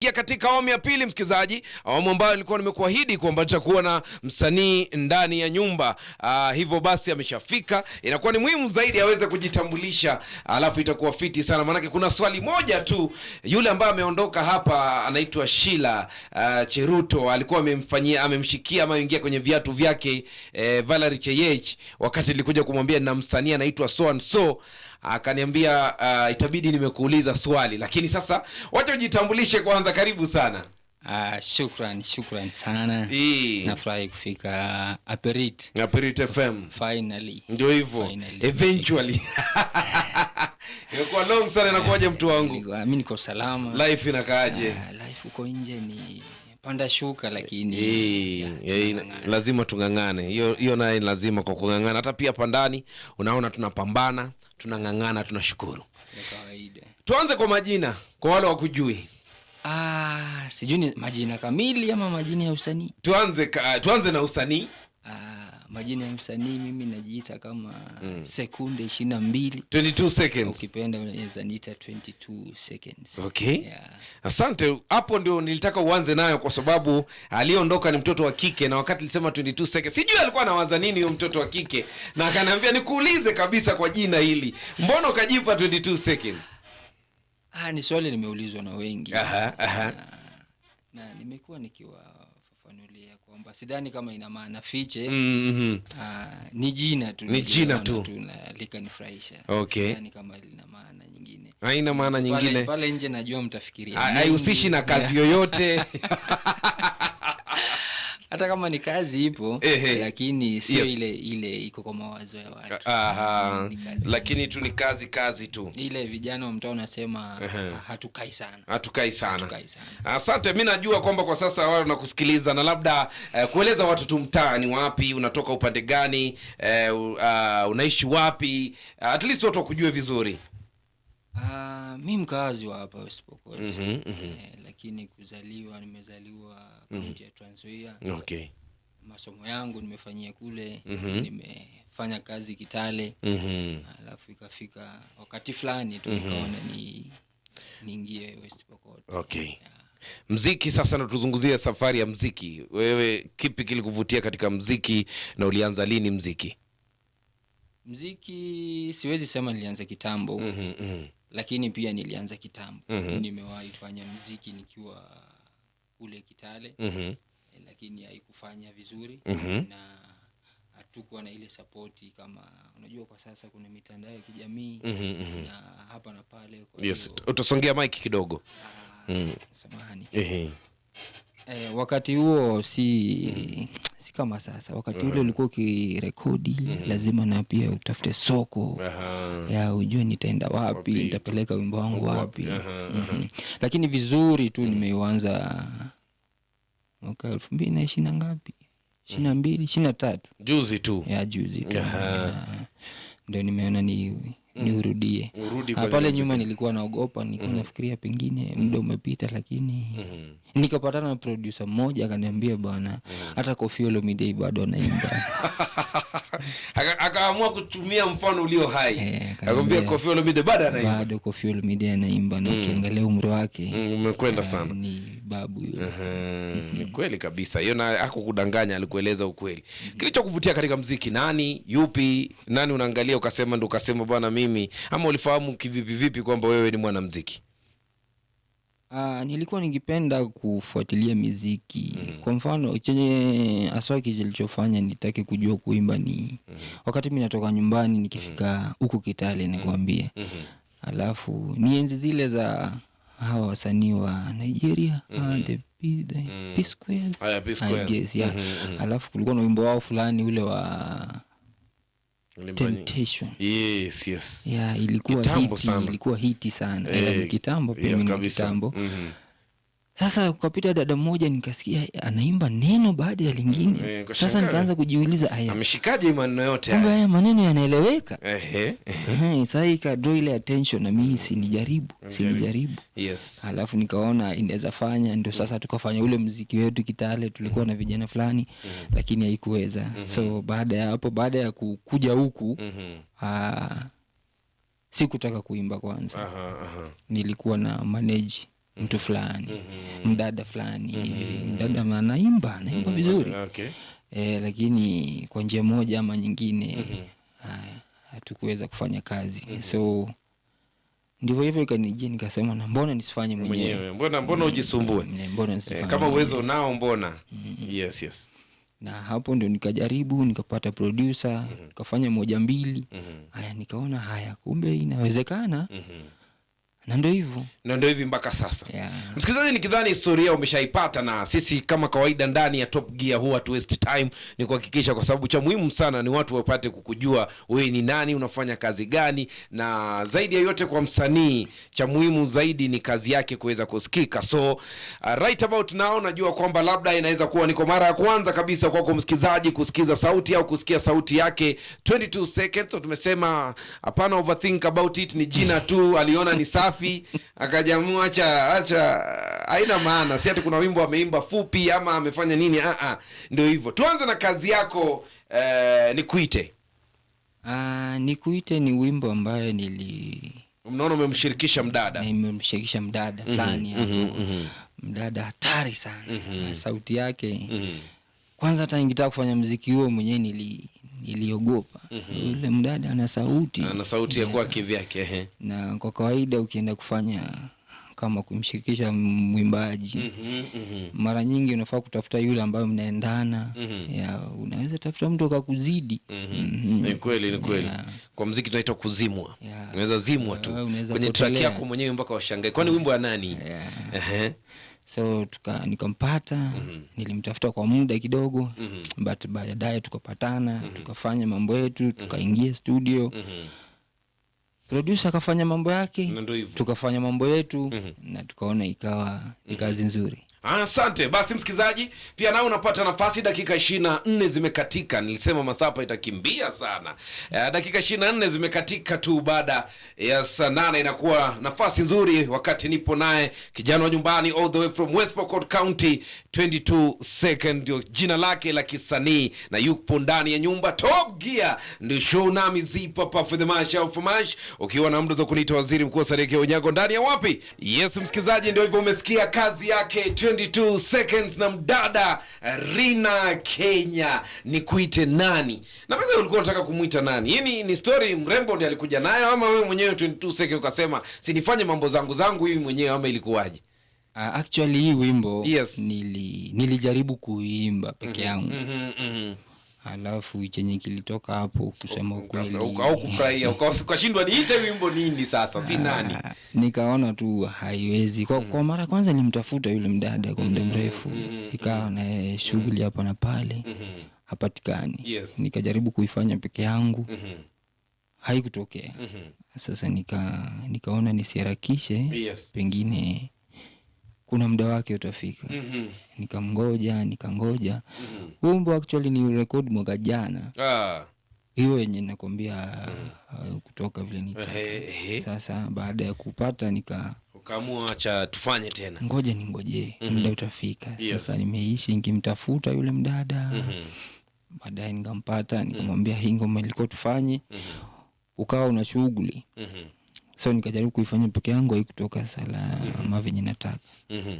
Ya katika awamu ya pili msikilizaji, awamu ambayo nilikuwa nimekuahidi kwamba nitakuwa na msanii ndani ya nyumba. Aa, ah, hivyo basi ameshafika, inakuwa ni muhimu zaidi aweze kujitambulisha, alafu itakuwa fiti sana, maanake kuna swali moja tu. Yule ambaye ameondoka hapa anaitwa Shila ah, Cheruto alikuwa amemfanyia amemshikia, ama ingia kwenye viatu vyake e, eh, Valerie Cheyech, wakati nilikuja kumwambia na msanii anaitwa so and so, akaniambia uh, itabidi nimekuuliza swali, lakini sasa wacha ujitambulishe kwanza. Karibu sana. Uh, shukran shukran sana, nafurahi kufika Aperit Aperit FM finally, ndio hivyo eventually imekuwa long sana inakuwaje? Mtu wangu mimi niko salama, life inakaaje? Uh, life huko nje ni Wandashuka lakini yeah, yeah, yeah, lazima tung'ang'ane hiyo hiyo naye lazima kwa kung'ang'ana. Hata pia pandani unaona tunapambana, tunang'ang'ana, tunashukuru. Tuanze kwa majina kwa wale wakujui. Ah, sijui ni majina kamili ama majina ya usanii. Tuanze tuanze na usanii majina ya msanii mimi najiita kama mm. sekunde ishirini na mbili, Ukipenda unaweza niita Okay. Yeah. Asante, hapo ndio nilitaka uanze nayo kwa sababu aliyeondoka ni mtoto wa kike, na wakati lisema sijui alikuwa anawaza nini huyo mtoto wa kike, na akaniambia nikuulize kabisa kwa jina hili, mbona ukajipa ah, ni swali limeulizwa na wengi aha, aha. Na, na nimekuwa nikiwa kwamba sidhani kama ina maana fiche. mm -hmm. Uh, ni jina tu, ni jina tu likanifurahisha. Okay. Sidhani kama lina maana nyingine, haina maana nyingine. Pale, pale nje najua mtafikiria haihusishi na kazi yoyote hata kama ni kazi ipo eh, eh, lakini sio yes, ile ile iko kwa mawazo ya watu. Aha, lakini tu ni kazi kazi tu, ile vijana wa mtaa unasema uh -huh. hatukai sana, hatukai sana. Asante, mi najua kwamba kwa sasa wao nakusikiliza na labda uh, kueleza watu tu mtaa ni wapi unatoka upande gani uh, uh, unaishi wapi uh, at least watu wakujue vizuri. Ah, mi mkaazi wa hapa West Pokot. -hmm. Mhm. Eh, lakini kuzaliwa nimezaliwa mhm. kaunti ya Trans Nzoia. Okay. Masomo yangu nimefanyia kule, -hmm. nimefanya kazi Kitale. -hmm. Alafu ikafika wakati fulani tu -hmm. nikaona ni niingie West Pokot. Okay. Mziki sasa, na safari ya mziki. Wewe kipi kilikuvutia katika mziki na ulianza lini mziki? Mziki siwezi sema nilianza kitambo. mm -hmm lakini pia nilianza kitambo mm -hmm. nimewahi fanya mziki nikiwa kule Kitale mm -hmm. lakini haikufanya vizuri mm -hmm. na hatukuwa na ile sapoti kama unajua, kwa sasa kuna mitandao ya kijamii mm -hmm. na hapa na pale. Yes, utasongea mike kidogo. Ah, mm. Samahani. mm-hmm. e, wakati huo si mm si kama sasa. Wakati ule mm. ulikuwa ukirekodi, mm-hmm. lazima na pia utafute soko ya ujue nitaenda wapi, nitapeleka wimbo wangu wapi. Mm-hmm. Lakini vizuri tu mm. nimeanza mwaka elfu mbili na ishirini na ngapi, ishirini na mbili, ishirini na tatu, juzi tu ya juzi tu ndio nimeona ni Mm. niurudie. Ah, pale nyuma nilikuwa naogopa, nilikuwa mm. nafikiria pengine mm. muda umepita, lakini mm-hmm. nikapatana na mmoja akaniambia, bwana, hata kofiolomidei bado anaimba akaamua kutumia mfano ulio hai, eh, akamwambia Koffi Olomide bado anaimba, bado Koffi Olomide anaimba na mm. ukiangalia umri wake mm, umekwenda eh, sana, ni babu yule. Ni kweli kabisa hiyo, na hakukudanganya, alikueleza ukweli. Kilichokuvutia katika mziki nani, yupi nani unaangalia ukasema ndo ukasema bwana mimi, ama ulifahamu kivipi vipi kwamba wewe ni mwanamziki? Uh, nilikuwa nikipenda kufuatilia miziki mm. Kwa mfano chenye aswaki kilichofanya nitake kujua kuimba ni mm. Wakati mi natoka nyumbani nikifika mm-hmm. huku mm. Kitale nikuambie mm -hmm. Alafu ni enzi zile za hawa wasanii wa Nigeria mm -hmm. the P Squares ah, I guess yeah. Alafu kulikuwa na wimbo wao fulani ule wa Yes, yes. Yeah, ilikuwa hiti, ilikuwa hiti sana. Eh, ni Kitambo pia kitambo. Mm -hmm. Sasa kapita dada mmoja, nikasikia anaimba neno baada ya lingine mm, eh, sasa nikaanza kujiuliza, haya ameshikaje maneno yote haya? Haya maneno yanaeleweka Ehe. eh, eh. Sasa ika draw ile attention na mimi sinijaribu sinijaribu, yes. Alafu nikaona inaweza fanya, ndio sasa tukafanya ule muziki wetu Kitale, tulikuwa na vijana fulani mm -hmm. lakini haikuweza mm -hmm. so baada ya hapo, baada ya kukuja huku mm -hmm. aa, ah, sikutaka kuimba kwanza, aha, aha. Nilikuwa na maneji mtu fulani mm -hmm. mdada fulani mm -hmm. mdada anaimba mm-hmm. vizuri mm -hmm. okay. E, lakini kwa njia moja ama nyingine mm -hmm. hatukuweza kufanya kazi mm -hmm. so ndivyo hivyo, ikanijia nikasema, na mbona nisifanye mwenyewe, mbona mm-hmm. eh, eh, kama uwezo nao mbona mm -hmm. yes, yes. Na hapo ndio nikajaribu nikapata producer mm -hmm. nikafanya moja mbili mm -hmm. Haya, nikaona haya, kumbe inawezekana mm -hmm na ndio hivyo na ndio hivi mpaka sasa yeah. Msikilizaji, nikidhani historia umeshaipata, na sisi kama kawaida ndani ya Top Gear huwa tu waste time, ni kuhakikisha, kwa sababu cha muhimu sana ni watu wapate kukujua wewe ni nani, unafanya kazi gani, na zaidi ya yote kwa msanii, cha muhimu zaidi ni kazi yake kuweza kusikika. So uh, right about now najua kwamba labda inaweza kuwa niko mara ya kwanza kabisa kwako msikilizaji kusikiza sauti au kusikia sauti yake 22 seconds. So tumesema hapana overthink about it, ni jina tu aliona ni safi safi, akajamua acha acha, haina maana, si ati kuna wimbo ameimba fupi ama amefanya nini. a ah, ndio hivyo. Tuanze na kazi yako eh, nikuite. Ah, nikuite ni wimbo ambayo nili mnaona umemshirikisha mdada, nimemshirikisha mdada mhm, fulani mm -hmm, mm -hmm, mm -hmm. mdada hatari sana mm -hmm. sauti yake mm -hmm. Kwanza hata ningetaka kufanya mziki huo mwenyewe nili iliogopa. mm -hmm. Yule mdada ana sauti, ana sauti ya kuwa kivyake Na kwa kawaida ukienda kufanya kama kumshirikisha mwimbaji mm -hmm, mm -hmm. Mara nyingi unafaa kutafuta yule ambayo mnaendana mm -hmm. ya unaweza tafuta mtu akakuzidi. mm -hmm. mm -hmm. Ni kweli, ni kweli yeah. Kwa mziki tunaitwa kuzimwa yeah. Unaweza zimwa tu kwenye track yako mwenyewe mpaka washangae, kwani wimbo wa nani? yeah so tuka, nikampata mm -hmm. Nilimtafuta kwa muda kidogo mm -hmm. but baadaye tukapatana mm -hmm. tukafanya mambo yetu mhm. tukaingia studio mm -hmm. produse akafanya mambo yake tukafanya mambo yetu mm -hmm. na tukaona ikawa ni mhm. kazi nzuri. Asante basi, msikilizaji, pia nao unapata nafasi. Dakika ishirini na nne zimekatika, nilisema masapa itakimbia sana. E, dakika ishirini na nne zimekatika tu baada ya yes, saa nane. Inakuwa nafasi nzuri wakati nipo naye kijana wa nyumbani all the way from West Pokot County, 22 second ndio jina lake la kisanii, na yupo ndani ya nyumba. Top Gear ndio show nami zipa pa for the mash au for mash, ukiwa na mdo za kuniita waziri mkuu Sareke Onyango ndani ya wapi? Yes msikilizaji, ndio hivyo umesikia kazi yake 22 seconds na mdada eh, Rina Kenya. Nikuite nani? Na pesa ulikuwa unataka kumwita nani? Hii ni, story mrembo ndiye alikuja nayo ama wewe mwenyewe 22 seconds ukasema sinifanye mambo zangu zangu hivi mwenyewe ama ilikuwaje? Uh, actually hii wimbo yes. Nili, nilijaribu kuimba peke mhm, yangu. Mm -hmm, mm -hmm, mm -hmm alafu chenye kilitoka hapo kusema ukweli kufurahia ukashindwa niite wimbo nini sasa si ah, nani nikaona tu haiwezi kwa, mm. kwa mara kwanza nilimtafuta yule mdada kwa muda mm-hmm. mrefu mm-hmm. Mm-hmm. ikawa na shughuli hapa na pale hapatikani yes. nikajaribu kuifanya peke yangu haikutokea sasa nika nikaona nisiharakishe yes. pengine kuna muda wake utafika. mm -hmm. Nikamngoja, nikangoja mm -hmm. Wimbo actually ni record mwaka jana ah. Hiyo yenye nakwambia mm. uh, kutoka vile ni Sasa baada ya kupata nika ukaamua acha tufanye tena, ngoja ningojee mm -hmm. muda utafika. yes. Sasa nimeishi nikimtafuta yule mdada mm -hmm. Baadaye nikampata nikamwambia, mm -hmm. hii ngoma ilikuwa tufanye mm -hmm. ukawa una shughuli mm -hmm so nikajaribu kuifanya peke yangu, haikutoka salama mm -hmm. venye nataka mm -hmm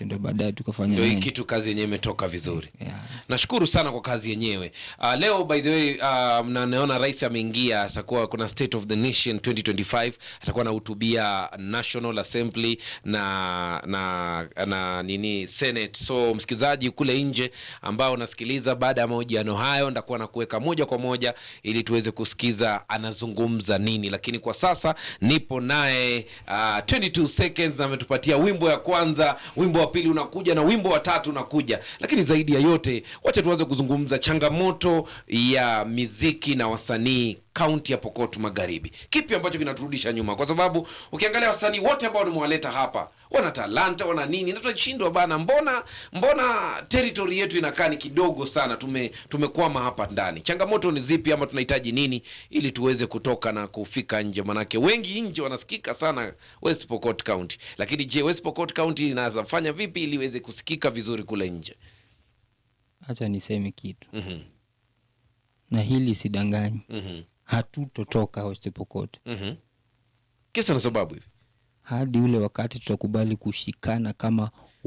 ndio baadaye tukafanya ndio hii kitu kazi yenyewe imetoka vizuri yeah. Nashukuru sana kwa kazi yenyewe. Uh, leo by the way uh, ah, mnaona rais ameingia, atakuwa kuna State of the Nation 2025 atakuwa anahutubia National Assembly na, na, na nini Senate. So msikilizaji kule nje ambao unasikiliza, baada ya mahojiano hayo ndakuwa na kuweka moja kwa moja ili tuweze kusikiza anazungumza nini, lakini kwa sasa nipo naye uh, ah, 22 seconds ametupatia wimbo ya kwanza wimbo wimbo wa pili unakuja na wimbo wa tatu unakuja. Lakini zaidi ya yote, wacha tuanze kuzungumza changamoto ya miziki na wasanii kaunti ya Pokot Magharibi. Kipi ambacho kinaturudisha nyuma? Kwa sababu ukiangalia wasanii wote ambao nimewaleta hapa wana talanta, wana nini, na tunashindwa bana. Mbona mbona teritori yetu inakaa ni kidogo sana? Tume tumekwama hapa ndani. Changamoto ni zipi, ama tunahitaji nini ili tuweze kutoka na kufika nje? Manake wengi nje wanasikika sana West Pokot County, lakini je, West Pokot County inaweza fanya vipi ili iweze kusikika vizuri kule nje? Acha niseme kitu mm -hmm. na hili sidanganyi mm -hmm hatutotoka West mm-hmm. Kisa na sababu hivi hadi ule wakati tutakubali kushikana kama